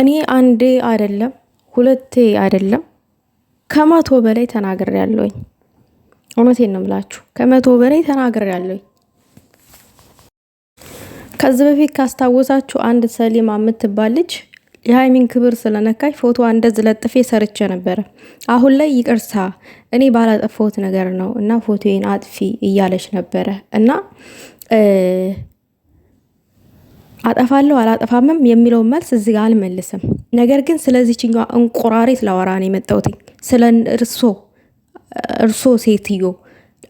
እኔ አንዴ አይደለም ሁለቴ አይደለም ከመቶ በላይ ተናግር ያለውኝ እውነቴን ነው ምላችሁ፣ ከመቶ በላይ ተናግር ያለሁኝ። ከዚህ በፊት ካስታወሳችሁ አንድ ሰሊማ የምትባል ልጅ የሀይሚን ክብር ስለነካኝ ፎቶ እንደዚህ ለጥፌ ሰርቼ ነበረ። አሁን ላይ ይቅርታ እኔ ባላጠፋሁት ነገር ነው እና ፎቶዬን አጥፊ እያለች ነበረ እና አጠፋለሁ አላጠፋምም የሚለውን መልስ እዚህ ጋር አልመልስም። ነገር ግን ስለዚችኛዋ እንቁራሪት ላወራ ነው የመጣሁት። ስለ እርሶ እርሶ ሴትዮ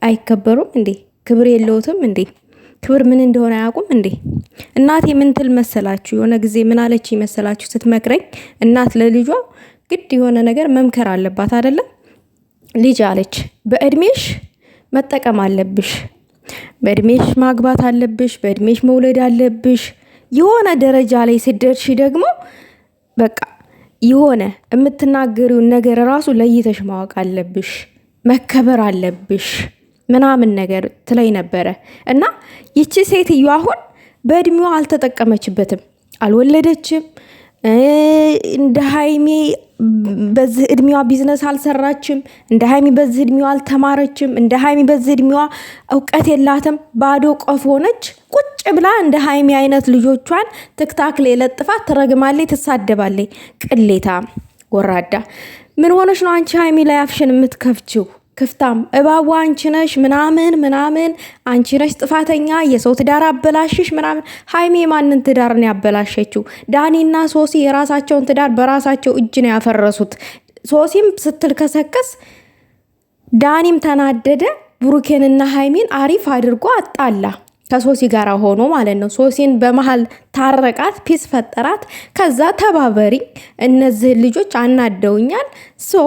አይከበሩም እንዴ? ክብር የለውትም እንዴ? ክብር ምን እንደሆነ አያውቁም እንዴ? እናቴ ምን ትል መሰላችሁ? የሆነ ጊዜ ምን አለች መሰላችሁ? ስትመክረኝ እናት ለልጇ ግድ የሆነ ነገር መምከር አለባት አይደለም? ልጅ አለች፣ በእድሜሽ መጠቀም አለብሽ፣ በእድሜሽ ማግባት አለብሽ፣ በእድሜሽ መውለድ አለብሽ የሆነ ደረጃ ላይ ስደርሺ ደግሞ በቃ የሆነ የምትናገሪውን ነገር ራሱ ለይተሽ ማወቅ አለብሽ፣ መከበር አለብሽ ምናምን ነገር ትለይ ነበረ እና ይቺ ሴትዮ አሁን በእድሜዋ አልተጠቀመችበትም፣ አልወለደችም። እንደ ሀይሜ በዚህ እድሜዋ ቢዝነስ አልሰራችም። እንደ ሀይሚ በዚህ እድሜዋ አልተማረችም። እንደ ሀይሚ በዚህ እድሜዋ እውቀት የላትም። ባዶ ቆፍ ሆነች ቁጭ ብላ እንደ ሀይሚ አይነት ልጆቿን ትክታክ ላይ ለጥፋት ትረግማለች፣ ትሳደባለች። ቅሌታ ወራዳ ምን ሆነች ነው አንቺ ሀይሚ ላይ አፍሽን የምትከፍችው? ክፍታም እባቡ አንቺ ነሽ ምናምን ምናምን አንቺ ነሽ ጥፋተኛ የሰው ትዳር አበላሽሽ ምናምን። ሀይሜ ማንን ትዳር ነው ያበላሸችው? ዳኒና ሶሲ የራሳቸውን ትዳር በራሳቸው እጅ ነው ያፈረሱት። ሶሲም ስትል ከሰከስ ዳኒም ተናደደ። ብሩኬንና ሀይሜን አሪፍ አድርጎ አጣላ ከሶሲ ጋር ሆኖ ማለት ነው። ሶሲን በመሀል ታረቃት፣ ፒስ ፈጠራት። ከዛ ተባበሪ እነዚህን ልጆች አናደውኛል ሶ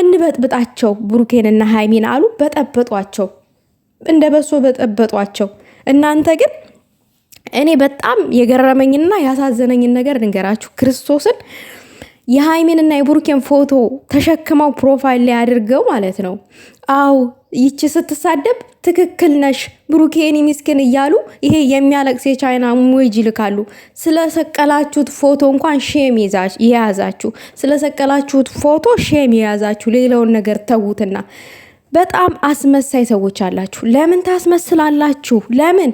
እንበጥብጣቸው ብሩኬንና ሀይሚን አሉ። በጠበጧቸው፣ እንደ በሶ በጠበጧቸው። እናንተ ግን እኔ በጣም የገረመኝና ያሳዘነኝን ነገር ልንገራችሁ ክርስቶስን የሃይሜንና የቡሩኬን ፎቶ ተሸክመው ፕሮፋይል ላይ አድርገው ማለት ነው። አው ይቺ ስትሳደብ ትክክል ነሽ ብሩኬኒ ሚስኪን እያሉ ይሄ የሚያለቅስ የቻይና ሙጅ ይልካሉ። ስለሰቀላችሁት ፎቶ እንኳን ሼም የያዛችሁ ስለሰቀላችሁት ፎቶ ሼም የያዛችሁ ሌላውን ነገር ተዉትና፣ በጣም አስመሳይ ሰዎች አላችሁ። ለምን ታስመስላላችሁ? ለምን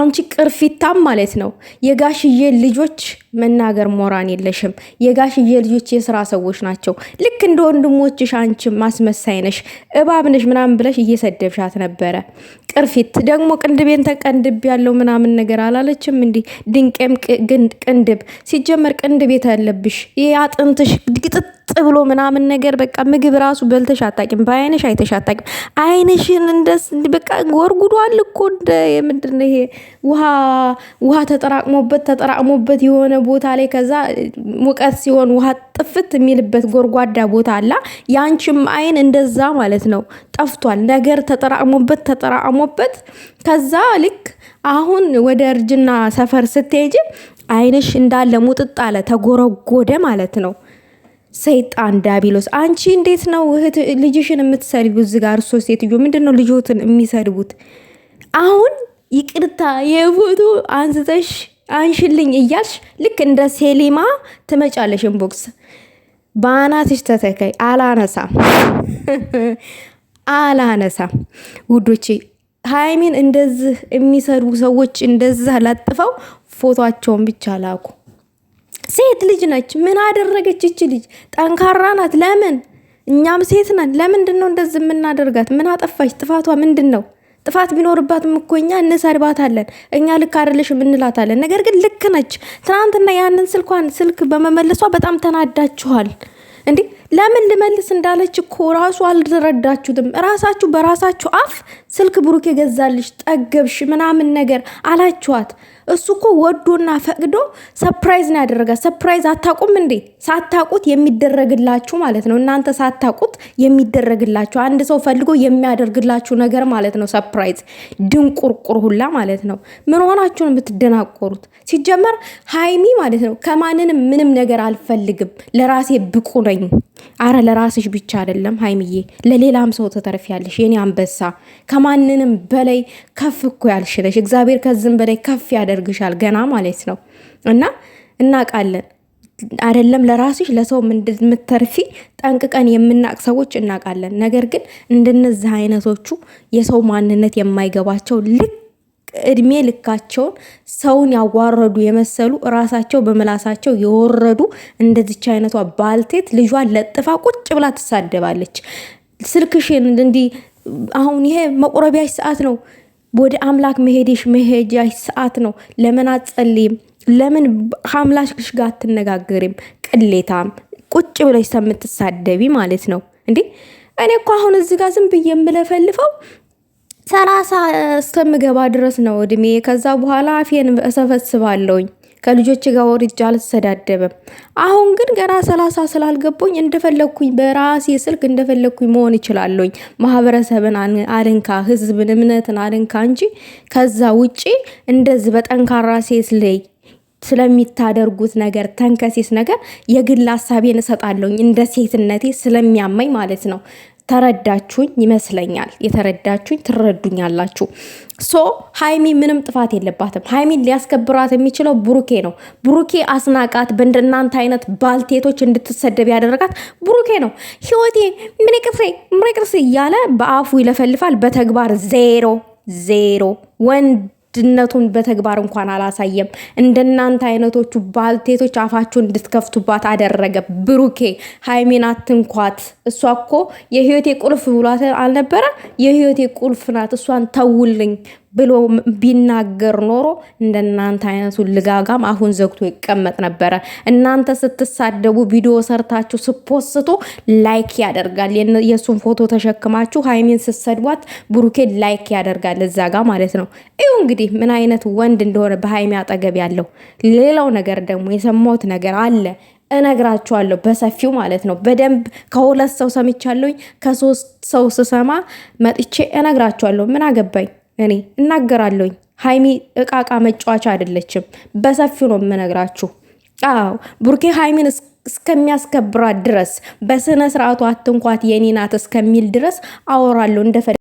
አንቺ ቅርፊታም ማለት ነው። የጋሽዬ ልጆች መናገር ሞራን የለሽም። የጋሽዬ ልጆች የስራ ሰዎች ናቸው። ልክ እንደ ወንድሞችሽ አንቺ ማስመሳይ ነሽ፣ እባብ ነሽ ምናምን ብለሽ እየሰደብሻት ነበረ። ቅርፊት ደግሞ ቅንድቤን ተቀንድብ ያለው ምናምን ነገር አላለችም። እንዲህ ድንቄም ቅንድብ ሲጀመር ቅንድብ የተለብሽ ይህ አጥንትሽ ግጥጥ ብሎ ምናምን ነገር በቃ ምግብ ራሱ በልተሽ አታቂም፣ በአይነሽ አይተሽ አታቂም። አይነሽን እንደስ በቃ ጎርጉዷል እኮ እንደ የምንድን ይሄ ውሃ ውሃ ተጠራቅሞበት ተጠራቅሞበት የሆነ ቦታ ላይ ከዛ ሙቀት ሲሆን ውሃ ጥፍት የሚልበት ጎርጓዳ ቦታ አላ ያንቺም አይን እንደዛ ማለት ነው። ጠፍቷል ነገር ተጠራቅሞበት ተጠራቅሞበት ከዛ ልክ አሁን ወደ እርጅና ሰፈር ስትሄጅ አይንሽ እንዳለ ሙጥጥ አለ ተጎረጎደ ማለት ነው። ሰይጣን ዳቢሎስ አንቺ እንዴት ነው እህት ልጅሽን የምትሰድቡ? እዚ ጋር እርሶ ሴትዮ ምንድን ነው ልጆትን የሚሰድቡት? አሁን ይቅርታ የፎቶ አንስተሽ አንሽልኝ እያልሽ ልክ እንደ ሴሊማ ትመጫለሽ ኢንቦክስ በአናትሽ ተተከይ። አላነሳ አላነሳ ውዶቼ ሀይሚን እንደዚህ የሚሰሩ ሰዎች እንደዚህ ላጥፈው ፎቷቸውን ብቻ ላኩ። ሴት ልጅ ነች። ምን አደረገች ይች ልጅ? ጠንካራ ናት። ለምን እኛም ሴት ነን። ለምንድን ነው እንደዚህ የምናደርጋት? ምን አጠፋች? ጥፋቷ ምንድን ነው? ጥፋት ቢኖርባትም እኮ እኛ እንሰድባታለን። እኛ ልክ አይደለሽም እንላታለን። ነገር ግን ልክ ነች። ትናንትና ያንን ስልኳን ስልክ በመመለሷ በጣም ተናዳችኋል። እንዴ ለምን ልመልስ እንዳለች እኮ ራሱ አልረዳችሁትም? ራሳችሁ በራሳችሁ አፍ ስልክ ብሩክ የገዛልሽ ጠገብሽ ምናምን ነገር አላችኋት። እሱ እኮ ወዶና ፈቅዶ ሰፕራይዝ ነው ያደረጋት። ሰፕራይዝ አታቁም እንዴ? ሳታቁት የሚደረግላችሁ ማለት ነው። እናንተ ሳታቁት የሚደረግላችሁ አንድ ሰው ፈልጎ የሚያደርግላችሁ ነገር ማለት ነው። ሰፕራይዝ ድንቁርቁር ሁላ ማለት ነው። ምን ሆናችሁን የምትደናቆሩት? ሲጀመር ሀይሚ ማለት ነው ከማንንም ምንም ነገር አልፈልግም፣ ለራሴ ብቁ ነኝ። አረ ለራስሽ ብቻ አይደለም ሀይሚዬ፣ ለሌላም ሰው ተተርፊያለሽ። የኔ አንበሳ ከማንንም በላይ ከፍ እኮ ያልሽለሽ እግዚአብሔር ከዝም በላይ ከፍ ያደ ያደርግሻል ገና ማለት ነው። እና እናውቃለን አይደለም ለራስሽ ለሰው የምትተርፊ ጠንቅቀን የምናቅ ሰዎች እናውቃለን። ነገር ግን እንደነዚህ አይነቶቹ የሰው ማንነት የማይገባቸው ልክ እድሜ ልካቸውን ሰውን ያዋረዱ የመሰሉ ራሳቸው በምላሳቸው የወረዱ እንደዚች አይነቷ ባልቴት ልጇን ለጥፋ ቁጭ ብላ ትሳደባለች። ስልክሽን እንዲህ አሁን ይሄ መቁረቢያሽ ሰዓት ነው ወደ አምላክ መሄድሽ መሄጃሽ ሰዓት ነው። ለምን አትጸልይም? ለምን ከአምላክሽ ጋር አትነጋገሪም? ቅሌታም ቁጭ ብለሽ ሰምትሳደቢ ማለት ነው እንዴ! እኔ እኮ አሁን እዚህ ጋር ዝም ብዬ የምለፈልፈው ሰላሳ እስከምገባ ድረስ ነው እድሜ። ከዛ በኋላ አፌን እሰፈስባለውኝ። ከልጆች ጋር ወርጄ አልተሰዳደብም። አሁን ግን ገና ሰላሳ ስላልገባኝ እንደፈለግኩኝ በራሴ ስልክ እንደፈለግኩኝ መሆን ይችላለኝ። ማህበረሰብን አልንካ፣ ህዝብን እምነትን አልንካ እንጂ ከዛ ውጪ እንደዚህ በጠንካራ ሴት ላይ ስለሚታደርጉት ነገር ተንከሴስ ነገር የግል ሀሳቤን እሰጣለሁ እንደ ሴትነቴ ስለሚያማኝ ማለት ነው። ተረዳችሁኝ ይመስለኛል። የተረዳችሁኝ ትረዱኛላችሁ። ሶ ሀይሚ ምንም ጥፋት የለባትም። ሀይሚን ሊያስከብራት የሚችለው ብሩኬ ነው። ብሩኬ አስናቃት። በእንደናንተ አይነት ባልቴቶች እንድትሰደብ ያደረጋት ብሩኬ ነው። ህይወቴ ምን ቅርሴ ምን ቅርሴ እያለ በአፉ ይለፈልፋል፣ በተግባር ዜሮ ዜሮ ወንድ ድነቱን በተግባር እንኳን አላሳየም። እንደናንተ አይነቶቹ ባልቴቶች አፋችሁን እንድትከፍቱባት አደረገ። ብሩኬ ሀይሚን አትንኳት። እሷ እኮ የህይወቴ ቁልፍ ብሏት አልነበረ? የህይወቴ ቁልፍ ናት። እሷን ተውልኝ ብሎ ቢናገር ኖሮ እንደናንተ አይነቱ ልጋጋም አሁን ዘግቶ ይቀመጥ ነበረ። እናንተ ስትሳደቡ ቪዲዮ ሰርታችሁ ስፖስቱ ላይክ ያደርጋል። የእሱን ፎቶ ተሸክማችሁ ሀይሚን ስትሰድቧት ብሩኬን ላይክ ያደርጋል እዛ ጋ ማለት ነው። ይሁ እንግዲህ ምን አይነት ወንድ እንደሆነ በሀይሜ አጠገብ ያለው። ሌላው ነገር ደግሞ የሰማሁት ነገር አለ እነግራችኋለሁ በሰፊው ማለት ነው። በደንብ ከሁለት ሰው ሰምቻለሁኝ። ከሶስት ሰው ስሰማ መጥቼ እነግራችኋለሁ። ምን አገባኝ። እኔ እናገራለሁኝ። ሀይሚ እቃቃ መጫወቻ አይደለችም። በሰፊው ነው የምነግራችሁ። አዎ ቡርኬ ሀይሚን እስከሚያስከብራት ድረስ በስነ ስርዓቱ አትንኳት የኔ ናት እስከሚል ድረስ አወራለሁ እንደፈለ